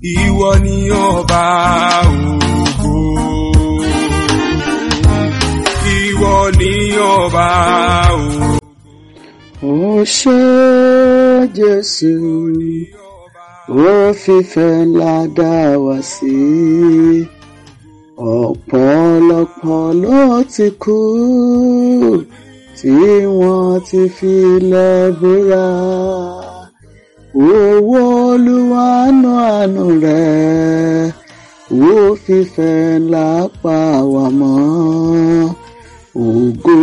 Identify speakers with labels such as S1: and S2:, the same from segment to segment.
S1: ìwọ ni ọba ògo
S2: ìwọ ni ọba ògo. ó ṣe Jésù ó fífẹ́ ńlá dá wa sí ọ̀pọ̀lọpọ̀ ló ti kú tí wọ́n ti fi lè búra owó olúwa àánú àánú rẹ̀ wó fífẹ́ lápá wà mọ́ ògo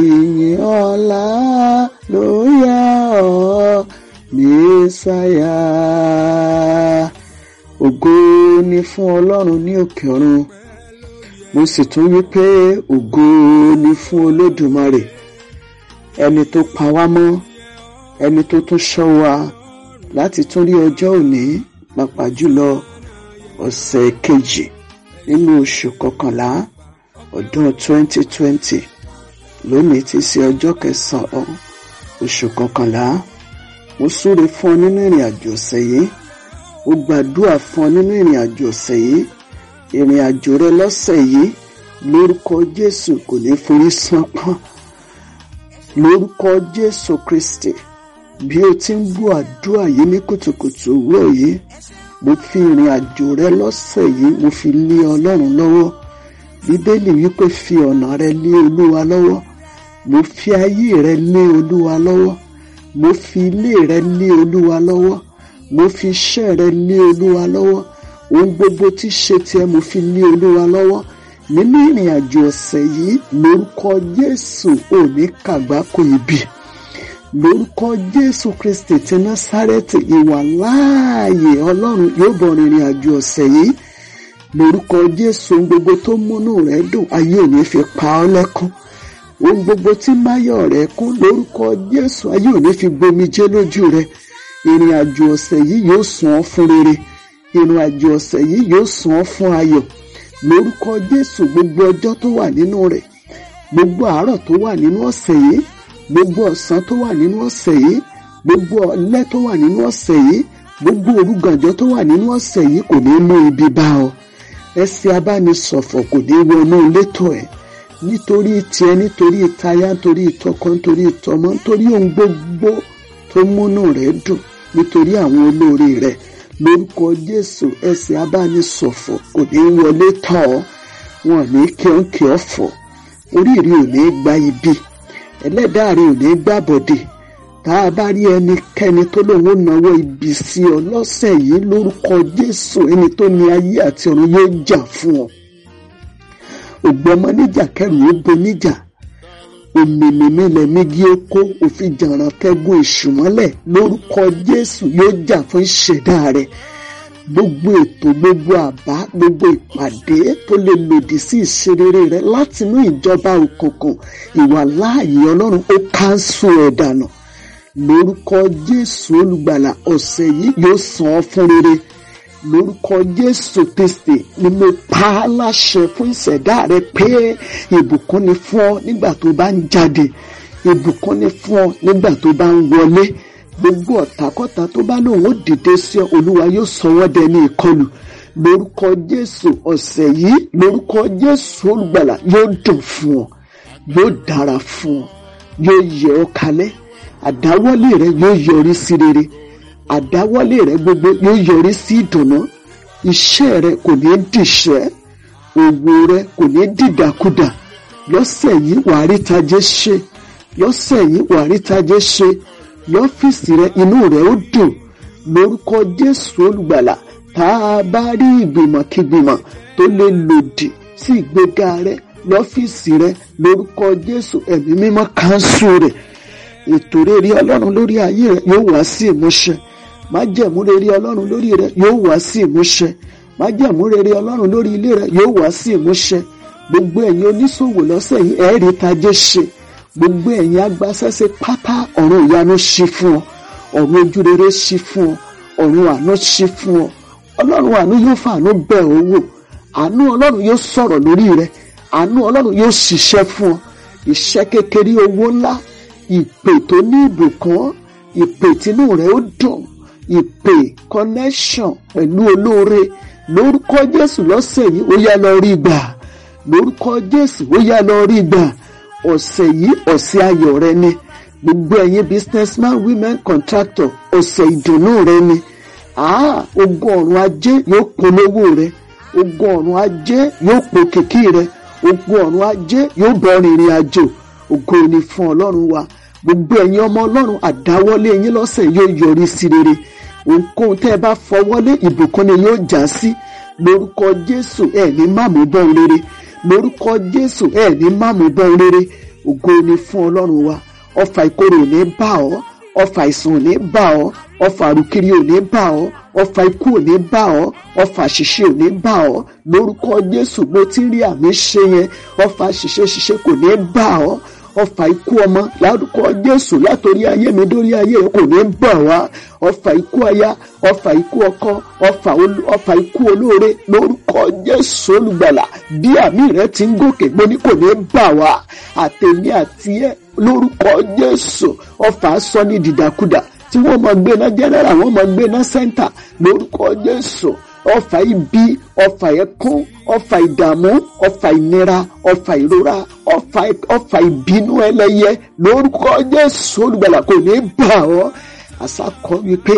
S2: ìyìn ọlá ló yá ọ mẹsàyà ògo ni fún ọlọ́run ní òkè ọ̀run mo sì tún wí pé ògo ni fún olódùmarè ẹni tó pa wá mọ́ ẹni tó tún ṣọ́ wa láti tún rí ọjọ́ òní pàápàá jùlọ ọ̀sẹ̀ kejì nínú oṣù kọkànlá ọdún 2020 lónìí ti ṣe ọjọ́ kẹsàn-án oṣù kọkànlá mo súre fún ọ nínú ìrìn àjò ọ̀sẹ̀ yìí mo gbàdúrà fún ọ nínú ìrìn àjò ọ̀sẹ̀ yìí ìrìn àjò rẹ lọ́sẹ̀ yìí lórúkọ Jésù kò ní forí sánpọ́n lórúkọ Jésù Kristi bí o ti ń gbọ́ àdúrà yìí ní kùtùkùtù òwúrọ̀ yìí mo fi ìrìn àjò rẹ lọ́sẹ̀ yìí mo fi lé ọlọ́run lọ́wọ́ bíbélì wípé fi ọ̀nà rẹ lé olúwa lọ́wọ́ mo fi ayé rẹ lé olúwa lọ́wọ́ mo fi ilé rẹ lé olúwa lọ́wọ́ mo fi iṣẹ́ rẹ lé olúwa lọ́wọ́ ohun gbogbo tí ṣe tiẹ̀ mo fi lé olúwa lọ́wọ́ nínú ìrìn àjò ọ̀sẹ̀ yìí lórúkọ Jésù ò kàgbákò ibi lórúkọ jésù kristi ti násárẹ́tì ìwà láàyè ọlọ́run yóò bọ̀ rìnrìn àjò ọ̀sẹ̀ yìí lórúkọ jésù ohun gbogbo tó múnú rẹ dùn ayé òní fi pa ọ́ lẹ́kún ohun gbogbo tí máyọ̀ rẹ kún lórúkọ jésù ayé òní fi gbomijé lójú rẹ ìrìn àjò ọ̀sẹ̀ yìí yóò sùn ọ́ fún rere ìrìn àjò ọ̀sẹ̀ yìí yóò sùn ọ́ fún ayọ̀ lórúkọ jésù gbogbo ọjọ́ tó wà nínú rẹ̀ gbogbo àárọ̀ tó wà nínú ọ̀sẹ̀ yìí gbogbo ọ̀sán tó wà nínú ọ̀sẹ̀ yìí gbogbo ọ̀lẹ́ tó wà nínú ọ̀sẹ̀ yìí gbogbo orúgànjọ́ tó wà nínú ọ̀sẹ̀ yìí kò ní mú ibi bá ọ ẹsẹ̀ abánisọ̀fọ̀ kò ní wọnú létò ẹ̀ nítorí tiẹ̀ nítorí táyà nítorí tọkọ nítorí tọmọ nítorí ohun gbogbo tó múnú rẹ̀ dùn nítorí àwọn olóore rẹ̀ lórúkọ Jésù ẹsẹ̀ abánisọ̀fọ̀ kò ní wọlé tọ̀ ọ́ wọn ní kí oríire ò ní gba ibi ẹlẹ́dàá rẹ ò ní gbàbọ̀dẹ̀ tá a bá rí ẹnikẹ́ni tó lóun ó náwó ibi sí ọ lọ́sẹ̀ yìí lórúkọ Jésù ẹni tó ní ayé àti ọ̀run yóò jà fún ọ ògbọ́n ọmọ níjà kẹrù ó bo níjà òmìnirí lẹ méjì ó kó òfin jàǹrà kẹgùn ìṣùmọ́lẹ̀ lórúkọ Jésù yóò jà fún ìṣẹ̀dá rẹ̀ gbogbo ètò gbogbo àbá gbogbo ìpàdé tó lè lòdì sí ìṣerere rẹ látinú ìjọba òkùnkùn ìwà láàyè ọlọ́run ó káńsù ẹ̀ dànù lórúkọ jésù olùgbàlà ọ̀sẹ̀ yìí yóò san ọ́ fún rere lórúkọ jésù kristi ni mo pa á láṣẹ fún ìṣẹ̀dá rẹ pé ìbùkún ni fún ọ nígbà tó bá ń jáde ìbùkún ni fún ọ nígbà tó bá ń wọlé gbogbo ọ̀tàkọ́ta tó bá lòun ó dìde sí ọ olúwa yóò sọ wọ́n dẹni ìkọlù lórúkọ jésù ọ̀sẹ̀ yìí lórúkọ jésù olùgbàlà yóò dùn fún ọ yóò dára fún ọ yóò yẹ ọ kalẹ̀ àdáwọ́lé rẹ yóò yọrí sí rere àdáwọ́lé rẹ gbogbo yóò yọrí sí ìdùnnú iṣẹ́ rẹ kò ní dìṣẹ́ òwò rẹ kò ní dìdàkudà lọ́sẹ̀ yìí wàá rí tajé ṣe lọ́sẹ̀ yìí wàá rí tajé ṣe yọ ọ́fíìsì rẹ inú rẹ ó dùn lórúkọ Jésù olùgbàlà tá a bá rí ìgbìmọ̀ kígbìmọ̀ tó lè lòdì sí ìgbéga rẹ lọ́fíìsì rẹ lórúkọ Jésù ẹ̀mí mímọ́ kánṣu rẹ̀ ètò rere Ọlọ́run lórí ayé rẹ yóò wá sí ìmúṣẹ májẹ̀mú rere Ọlọ́run lórí rẹ yóò wá sí ìmúṣẹ májẹ̀mú rere Ọlọ́run lórí ilé rẹ yóò wá sí ìmúṣẹ gbogbo ẹ̀yin oníṣòwò lọ́sẹ̀ yìí ẹ̀ẹ́rì tajé ṣe gbogbo ẹ̀yin agbásẹ́sẹ́ pátá ọ̀run ìyanu ṣí fún ọ ọ̀run ojú rere ṣí fún ọ ọ̀run àánú ṣí fún ọ ọlọ́run àánú yóò fa àánú bẹ̀ ọ́ wò àánú ọlọ́run yóò sọ̀rọ̀ lórí rẹ àánú ọlọ́run yóò ṣiṣẹ́ fún ọ iṣẹ́ kékeré owó ńlá ìpè tó ní ìbùkún ìpè tínú rẹ ó dùn ìpè connection pẹ̀lú olóore lórúkọ jésù lọ́sẹ̀ yìí ó yá lọ rí gbà lórúkọ jésù ó yá lọ rí gbà. ọ̀sẹ̀ yìí ọ̀sẹ̀ ayọ̀ rẹ ni gbogbo ẹ̀yin businessman women contractor ọ̀sẹ̀ ìdùnnú rẹ ni ah, ogun ọ̀run ajé yóò polówó rẹ ogun ọ̀run ajé yóò po kìkì rẹ ogun ọ̀run ajé yóò bọ̀rin ìrìn àjò fún ọlọ́run wa gbogbo ẹ̀yin ọmọ ọlọ́run yín lọ́sẹ̀ yóò yọrí sí rere ohunkóhun tẹ́ ẹ bá fọwọ́lé ìbùkún ni yóò já sí lórúkọ jésù ẹ̀ ní bọ́ lórúkọ jésù ẹ ní máàmù ìbọn rere ògo ni fún ọlọ́run wa ọfà ìkorò ò ní bá ọ ọfà àìsàn ò ní bá ọ ọfà àrùkiri ò ní bá ọ ọfà ikú ò ní bá ọ ọfà àṣìṣe ò ní bá ọ lórúkọ jésù mo ti rí àmì ṣe yẹn ọfà àṣìṣe ṣìṣe kò ní bá ọ ọfà ikú ọmọ lárúkọ Jésù látòrí ayé mi dórí ayé rẹ kò ní bọ̀ wá ọfà ikú aya ọfà ikú ọkọ ọfà ikú olóore lórúkọ Jésù olùgbàlà bí àmì rẹ ti ń gòkè mo ní kò ní bà wá àtèmi àti ẹ lórúkọ Jésù ọfà sọ ní dìdàkudà tí wọ́n máa gbé ná jẹ́nẹ́rà wọ́n máa gbé ná sẹ́ńtà lórúkọ Jésù ọfà ibi ọfà ẹkún ọfà ìdààmú ọfà ìnira ọfà ìrora ọfà ìbínú ẹlẹ́yẹ lórúkọ Jésù olùgbàlà kò ní bà ọ́ àṣàkọ wípé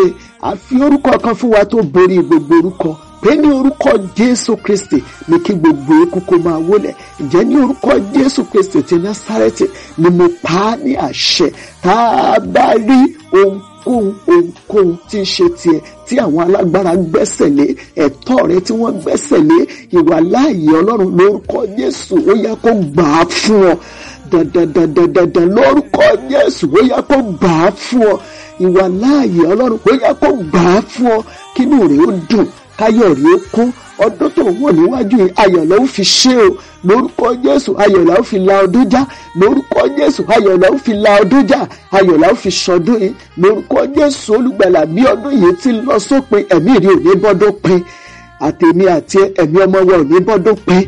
S2: àfi orúkọ kan fún wa tó borí gbogbo orúkọ pé ní orúkọ jésù kristi ni kí gbogbo eku kó máa wólẹ̀ ǹjẹ́ ní orúkọ jésù kristi ti násárẹ́tì ni mo pa á ní àṣẹ tá a bá rí ohun ohunkóhun ohunkóhun tí ń ṣe tiẹ̀ tí àwọn alágbára gbẹ́sẹ̀ lé ẹ̀tọ́ rẹ tí wọ́n gbẹ́sẹ̀ lé ìwà láàyè ọlọ́run lórúkọ Jésù ó yá kó gbà á fún ọ dandandandandandan lórúkọ Jésù ó yá kó gbà á fún ọ ìwà láàyè ọlọ́run ó yá kó gbà á fún ọ kínú rẹ ó dùn káyọ̀ rẹ ó kún ọdún tó wọ̀ níwájú ayọ̀ ló fi ṣe o lórúkọ jésù ayọ̀ la ó fi la ọdún já lórúkọ jésù ayọ̀ la ó fi la ọdún já ayọ̀ la ó fi ṣọdún yìí lórúkọ jésù olùgbàlà bí ọdún yìí ti lọ sópin ẹ̀mí rí òní bọ́dún pin àtẹ̀mí àti ẹ̀mí ọmọ wa òní bọ́dún pin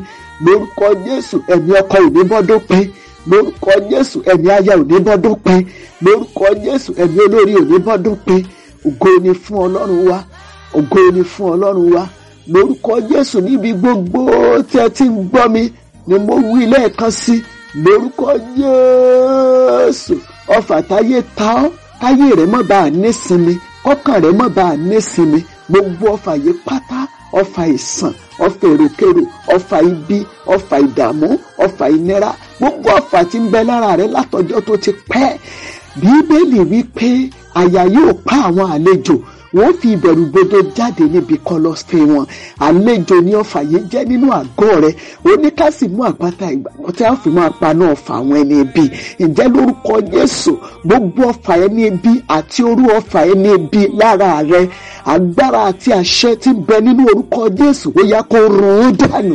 S2: lórúkọ jésù ẹ̀mí ọkọ òní bọ́dún pin lórúkọ jésù ẹ̀mí aya òní bọ́dún pin lórúkọ jésù ẹ̀mí olórí òní bọ́dún pin ògo ni fún ọlọ́run wa ògo ni fún ọlọ́run wa lórúkọ jésù níbi gbogbo tí ẹ ti ń gbọ́ mi ni mo wí lẹ́ẹ̀kan sí lórúkọ Jésù ọfà táyé ta ọ́ táyé rẹ̀ mọ́ bá a nísinmi kọ́kàn rẹ̀ mọ́ bá a nísinmi gbogbo ọfà yìí pátá ọfà ìsàn ọfà èròkèrò ọfà ibi ọfà ìdààmú ọfà ìnira gbogbo ọfà tí ń bẹ lára rẹ látọjọ́ tó ti pẹ́ bíbélì wí pé àyà yóò pa àwọn àlejò wọn ó fi ìbẹ̀rù gbọdọ̀ jáde níbi kọlọ́sítì wọn àlejò ní ọ̀fà yìí jẹ́ nínú àgọ́ rẹ̀ ó ní ká sì mú àpáta ìgbàgbọ́ tí a fi máa pa náà fà àwọn ẹni ibi ǹjẹ́ lórúkọ Jésù gbogbo ọ̀fà ẹni ibi àti orú ọ̀fà ẹni ibi lára rẹ̀ agbára àti àṣẹ tí bẹ nínú orúkọ Jésù ó yá kó rún dànù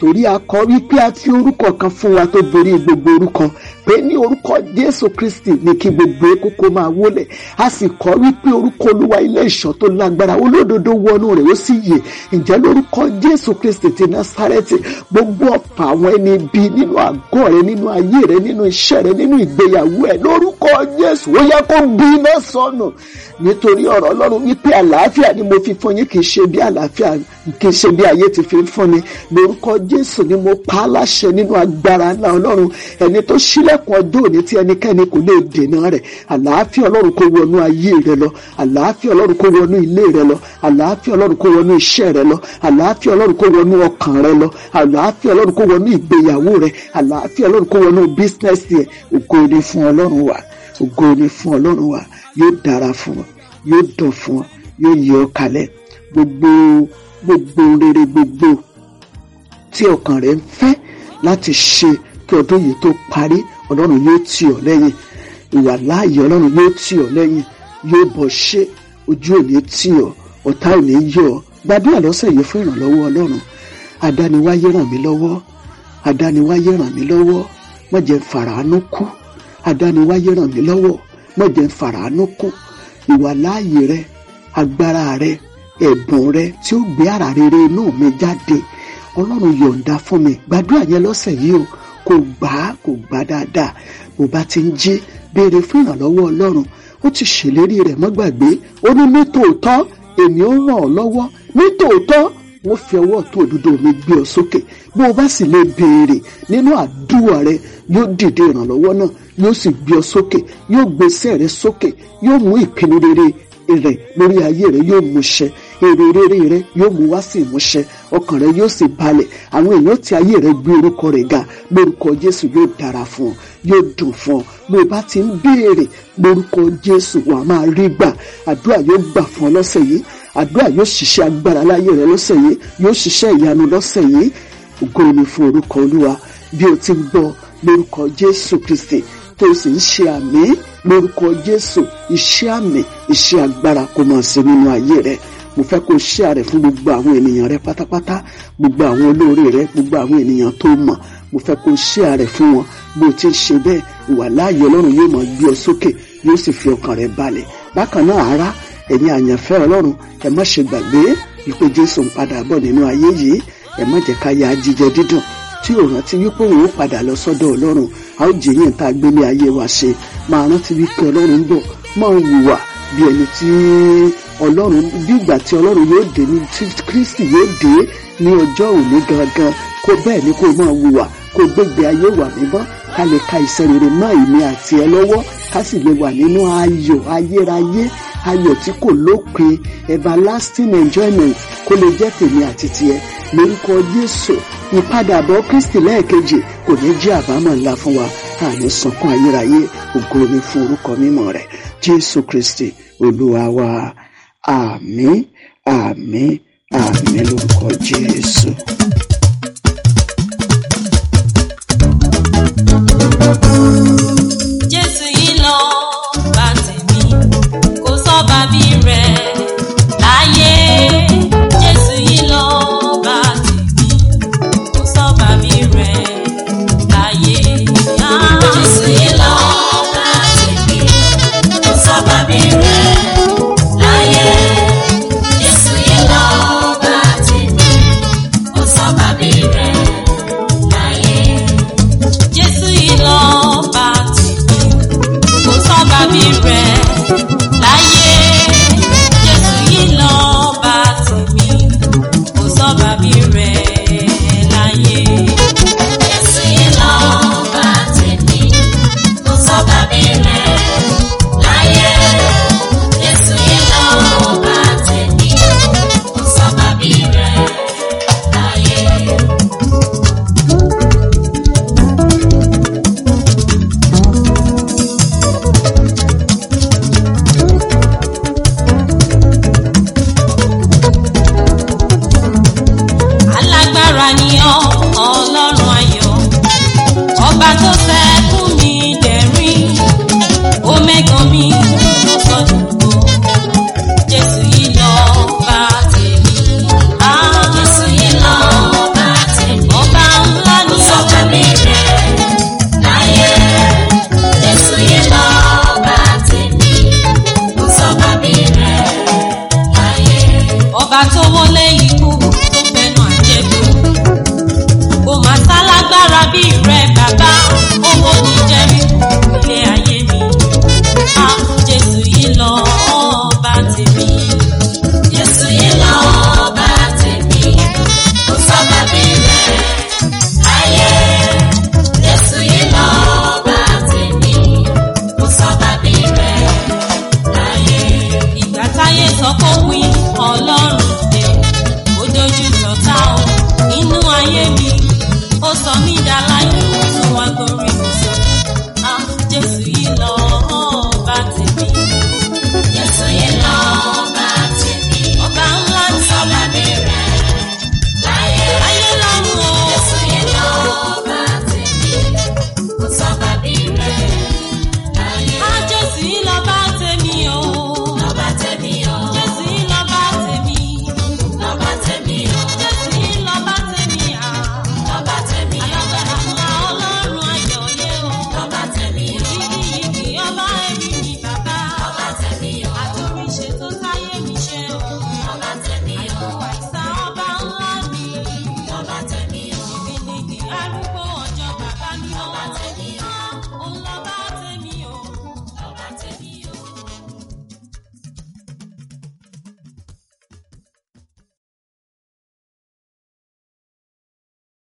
S2: torí a kọ wípé a ti orúkọ kan fún wa tó borí gbogbo orúkọ pé ní orúkọ Jésù Kristi ni kí gbogbo kókó máa wólẹ̀ a sì kọ wípé orúkọ Olúwa ilé ìṣọ́ tó lágbára olódodo wọnú rẹ̀ ó sì yè ǹjẹ́ lórúkọ Jésù Kristi ti Násárẹ́tì gbogbo ọ̀pọ̀ àwọn ẹni bíi nínú àgọ́ rẹ nínú ayé rẹ nínú iṣẹ́ rẹ nínú ìgbéyàwó ẹ lórúkọ orúkọ Jésù ó yẹ kó bí iná sọnù nítorí ọ̀rọ̀ Ọlọ́run wípé àlàáfíà ni mo fi fún yín kì í ṣe bí àlàáfíà kì í ṣe bí ayé ti fi fún mi lórúkọ Jésù ni mo pa á láṣẹ nínú agbára ńlá Ọlọ́run ẹni tó ṣílẹ̀kùn ọjọ́ òní tí ẹnikẹ́ni kò lè dènà rẹ̀ àlàáfíà Ọlọ́run kó wọnú ayé rẹ lọ àlàáfíà Ọlọ́run kó wọnú ilé rẹ lọ àlàáfíà Ọlọ́run kó wọnú iṣẹ́ rẹ lọ àlàáfíà Ọlọ́run kó wọnú ọkàn rẹ lọ àlàáfíà Ọlọ́run kó wọnú ìgbéyàwó rẹ àlàáfíà Ọlọ́run kó wọnú bísínẹ́sì ẹ̀ ògo ni fún Ọlọ́run wa ògo ni fún ọlọ́run wa yóò dára fún ọ yóò dùn fún ọ yóò yẹ ọ kalẹ̀ gbogbo gbogbo rere gbogbo tí ọkàn rẹ ń fẹ́ láti ṣe kí ọdún yìí tó parí ọlọ́run yóò tì ọ lẹ́yìn ìwà láàyè ọlọ́run yóò tì ọ lẹ́yìn yóò bọ̀ ṣe ojú ò tì ọ ọ̀tá ò yọ ọ gbàdúrà lọ́sẹ̀ yìí fún ìrànlọ́wọ́ ọlọ́run adániwáyé ràn mí lọ́wọ́ adániwáyé ràn mí lọ́wọ́ má jẹ́ kú àdániwáyé ràn mí lọ́wọ́ má jẹ́ n fàràánú kún ìwà láàyè rẹ agbára rẹ ẹ̀bùn rẹ tí ó gbé àrà rere inú mi jáde ọlọ́run yọ̀ǹda fún mi gbàdúrà yẹn lọ́sẹ̀ yìí o kò gbà á kò gbà dáadáa bó bá ti ń jí béèrè fún ìrànlọ́wọ́ ọlọ́run ó ti ṣèlérí rẹ̀ mọ́gbàgbé ó ní nítòótọ́ èmi ó ràn ọ́ lọ́wọ́ nítòótọ́ wọ́n fi ọwọ́ ọ̀tún òdodo mi gbé ọ sókè bí o bá sì lè béèrè nínú àdúrà rẹ yóò dìde ìrànlọ́wọ́ náà yóò sì gbé ọ sókè yóò gbèsè rẹ sókè yóò mú ìpinnu rere rẹ lórí ayé rẹ yóò mú ṣẹ èrè rere rẹ yóò mú wá sí ìmúṣẹ ọkàn rẹ yóò sì balẹ̀ àwọn èèyàn tí ayé rẹ gbé orúkọ rẹ ga lórúkọ Jésù yóò dára fún ọ yóò dùn fún ọ bí o bá ti ń béèrè lórúkọ Jésù wàá máa rí gbà àdúrà yóò gbà fún ọ lọ́sẹ̀ yìí àdúrà yóò ṣiṣẹ́ agbára láyé rẹ lọ́sẹ̀ yìí yóò ṣiṣẹ́ ìyanu lọ́sẹ̀ yìí ògo ni fún orúkọ olúwa bí o ti gbọ́ lórúkọ jésù kristi tó o sì ń ṣe àmì lórúkọ jésù iṣẹ́ àmì iṣẹ́ agbára kò máa ṣe nínú ayé rẹ mo fẹ́ kó ṣíà rẹ̀ fún gbogbo àwọn ènìyàn rẹ pátápátá gbogbo àwọn olóore rẹ gbogbo àwọn ènìyàn tó mọ̀ mo fẹ́ kó ṣíà rẹ̀ fún wọn bó ti ń ṣe bẹ́ẹ̀ ìwà láàyè ọlọ́run yóò máa gbé ọ sókè yóò sì fi ọkàn rẹ balẹ̀ bákan náà ará ẹ̀yin àyànfẹ́ ọlọ́run ẹ má ṣe gbàgbé wípé jésù ń padà bọ̀ nínú ayé yìí ẹ má jẹ́ ká ya jíjẹ dídùn tí ò rántí wípé òun ó padà lọ sọ́dọ̀ ọlọ́run a ó jèyàn tá a gbé ní ayé wa ṣe máa rántí wípé ọlọ́run ń bọ̀ máa wùwà bí ẹni tí ọlọ́run bí ìgbà tí ọlọ́run yóò dé ní tí kristi yóò dé ní ọjọ́ òní gangan kó bẹ́ẹ̀ ni kó máa wùwà kó gbégbé ayé wà mímọ́ ká lè ka ìṣẹ́ rere mọ́ ìmí àti ẹ lọ́wọ́ ká sì lè wà nínú ayọ̀ ayérayé ayọ̀ tí kò lópin everlasting enjoyment kó lè jẹ́ tèmi àti tiẹ̀ lórúkọ Jésù ìpadàbọ̀ Kristi lẹ́ẹ̀kejì kò ní jẹ́ àbámọ̀ ńlá fún wa àní sunkún ayérayé ògo ni fún orúkọ mímọ́ rẹ̀ Jésù Kristi Olúwa wa àmín àmín lórúkọ Jésù.
S1: thank you